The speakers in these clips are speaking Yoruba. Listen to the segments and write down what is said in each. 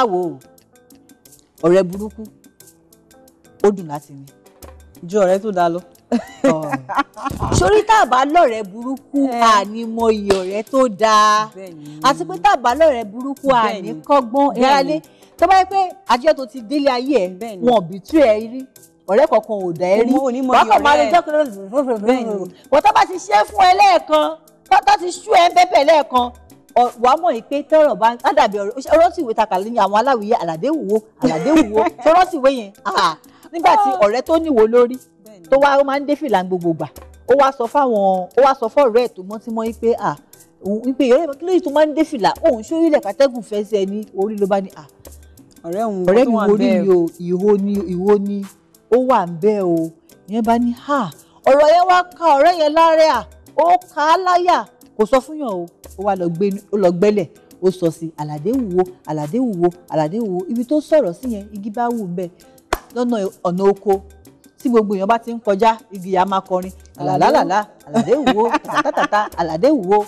báwo ọ̀rẹ́ burúkú ó dùn láti ní ju ọ̀rẹ́ tó dáa lọ. sórí tá a bá lọ̀rẹ́ burúkú àní eh. mọ iye ọ̀rẹ́ tó dáa àti pé tá a bá lọ̀rẹ́ burúkú àní kọ́gbọ́n ìyáálé eh, tó bá yẹ pé àjọ tó ti délé ayé ẹ wọn bí tú ẹ rí ọ̀rẹ́ kankan ò dá ẹ rí bákan máa lè jẹ́ kí ló ń bọ̀ tó bá ti ṣe fún ẹ lẹ́ẹ̀kan tó ti ṣú ẹ bẹ́bẹ̀ lẹ́ẹ̀kan wàá mọ̀ yìí pé tọ́rọ̀ bá ń dàbí ọ̀rọ̀ sì wé takàlẹ́ ní àwọn aláwìyé àlàdé wùwo àlàdé wùwo tọ́rọ̀ sì wé yẹn nígbà tí ọ̀rẹ́ tó níwò lórí tó wá ó máa ń dé fìlà gbogbo gbà ó wá sọ fáwọn ó wá sọ fọ́ọ̀rẹ́ ẹ̀ tó mọ́tímọ́ yìí pé à wípé ìyọ́rẹ́ mi kí lóyún tó máa ń dé fìlà òun ṣó ilẹ̀ kàtẹ́gùn fẹ́ sí ẹ ní orí ló bá ní à ọ̀rẹ́ mi wo rí o ìwo ni ìwo ni ó wà o ìyẹn bá ní à ọ̀rọ̀ yẹn wá ka ọ̀rẹ́ yẹn lárẹ́ à ó kà á láyà kò sọ fún yàn o ó wá lọ gbẹ́lẹ̀ ó sọ sí àlàdé wúwo àlàdé wúwo àlàdé wúwo ibi tó sọ̀rọ̀ sí yẹn igi bá wù bẹ́ẹ̀ lọ́nà ọ̀nà oko tí gbogbo èèyàn bá ti ń kọjá igi yà máa kọrin àlàlálàlà àlàdé wúwo tàtàtàtà àlàdé wúwo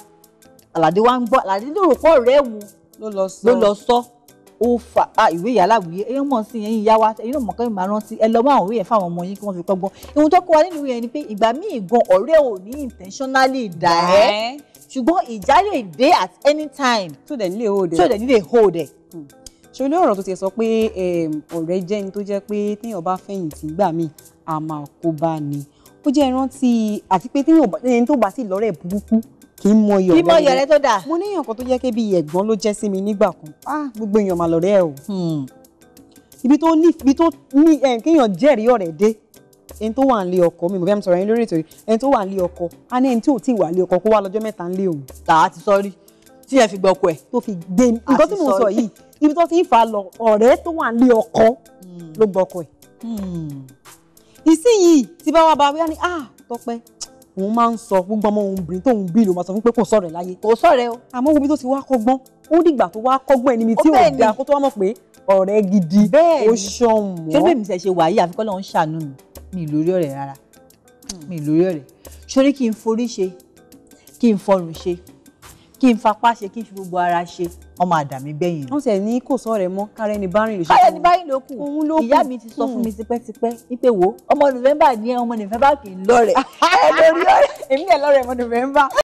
àlàdé wa ń gbọ́ àlàdé lóòrò pọ̀ rẹ̀ wù ló lọ sọ ó fa ìwé ìyáláwìyé èèyàn mọ̀ sí yẹn yá wa èyí náà mọ̀kàn máa rántí ẹ lọ́wọ́ àwọn òwe yẹn fáwọn ọmọ yín kí wọ́n fi kọ́gbọ́n ìhun tó kọ́ wa nínú ìwé yẹn ni pé ìgbà míì gan ọ̀rẹ́ ò ní intentionally dà ẹ́ ṣùgbọ́n ìjà lè dé at any time. tó dẹ̀ nílé hold ẹ̀ tó dẹ̀ nílé hold ẹ̀. Hmm. ṣo ní ọ̀rọ̀ tó ti sọ pé ọ̀rẹ́ jẹ́ ni tó jẹ́ pé téèyàn bá fẹ̀yìntì gbà míì a máa kó bá ni ó jẹ́ ìrántí àti pé téèyàn tó bá sì lọ́rẹ̀ burúkú kì í mọ iyọ̀ rẹ kì í mọ iyọ̀ rẹ tó dáa. mo ní èèyàn kan tó jẹ́ pé ẹ̀gbọ́n ló jẹ́ sí mi nígbà kan ah gbogbo èèyàn mà lọ́rẹ́ ẹ̀ o. Hmm. ibi tó ní kéèyàn jẹ́rìí ọ̀rẹ́ dé ẹni tó wà ń lé ọkọ mi mo bẹ́ẹ̀ mi sọ̀rọ̀ yín lórí ètò yìí ẹni tó wà ń lé ọkọ a ní ẹni tí ò tí ì wà lé ọkọ kó wá lọ́jọ́ mẹ́ta ń lé òun. tà á ti sọrí tí ẹ fi gbọ́ ọkọ ẹ. tó fi gbé nǹkan tí mo sọ yìí ibi tó ti ń fa lọ ọ̀rẹ́ tó wà ń lé ọkọ hmm. ló gbọ́ ọkọ ẹ. Hmm. ìsinyìí tí bá wà bá wíwá ni ah Tọ́pẹ́ òun máa ń sọ gbogbo ọmọ òun obìnrin tóun bí ló máa sọ fún pé kò sọ̀rọ̀ ẹ̀ láyé. kò sọ̀rọ̀ ẹ o. àmọ́ wo bí tó ti wá kọ́gbọ́n ó dìgbà tó wá kọ́gbọ́n ẹni mi tí ò dáa kó tó wá mọ̀ pé ọ̀rẹ́ gidi ó ṣọ̀wọ́n. bẹ́ẹ̀ ni ṣé bí èmi ṣe wà yìí àfikọ́ lọ́hún ṣàánú mi mi lórí ọ̀rẹ́ rárá hmm. mi lórí ọ̀rẹ́ sórí kí n forí ṣe kí n fọrùn ṣe kí n fapá ṣe kí n fi gbogbo ara ṣe ọmọ àdàmí gbẹ̀yìn. wọ́n sẹ̀ ní kò sọ̀rọ̀ ẹ̀ mọ́ kárẹ́ ni bárìn ló ṣe fún un. kárẹ́ ni bárìn ló kù òun ló kù ìyá mi ti sọ fún mi hmm. tipẹ́tipẹ́ wípé wo ọmọ nọ́vẹ́mbà ni ẹ ọmọ nọ́vẹ́mbà kì í lọ́rẹ̀ ẹ lórí ọ̀rẹ́ èmi ẹ̀ lọ́rẹ̀ ọmọ nọ́vẹ́mbà.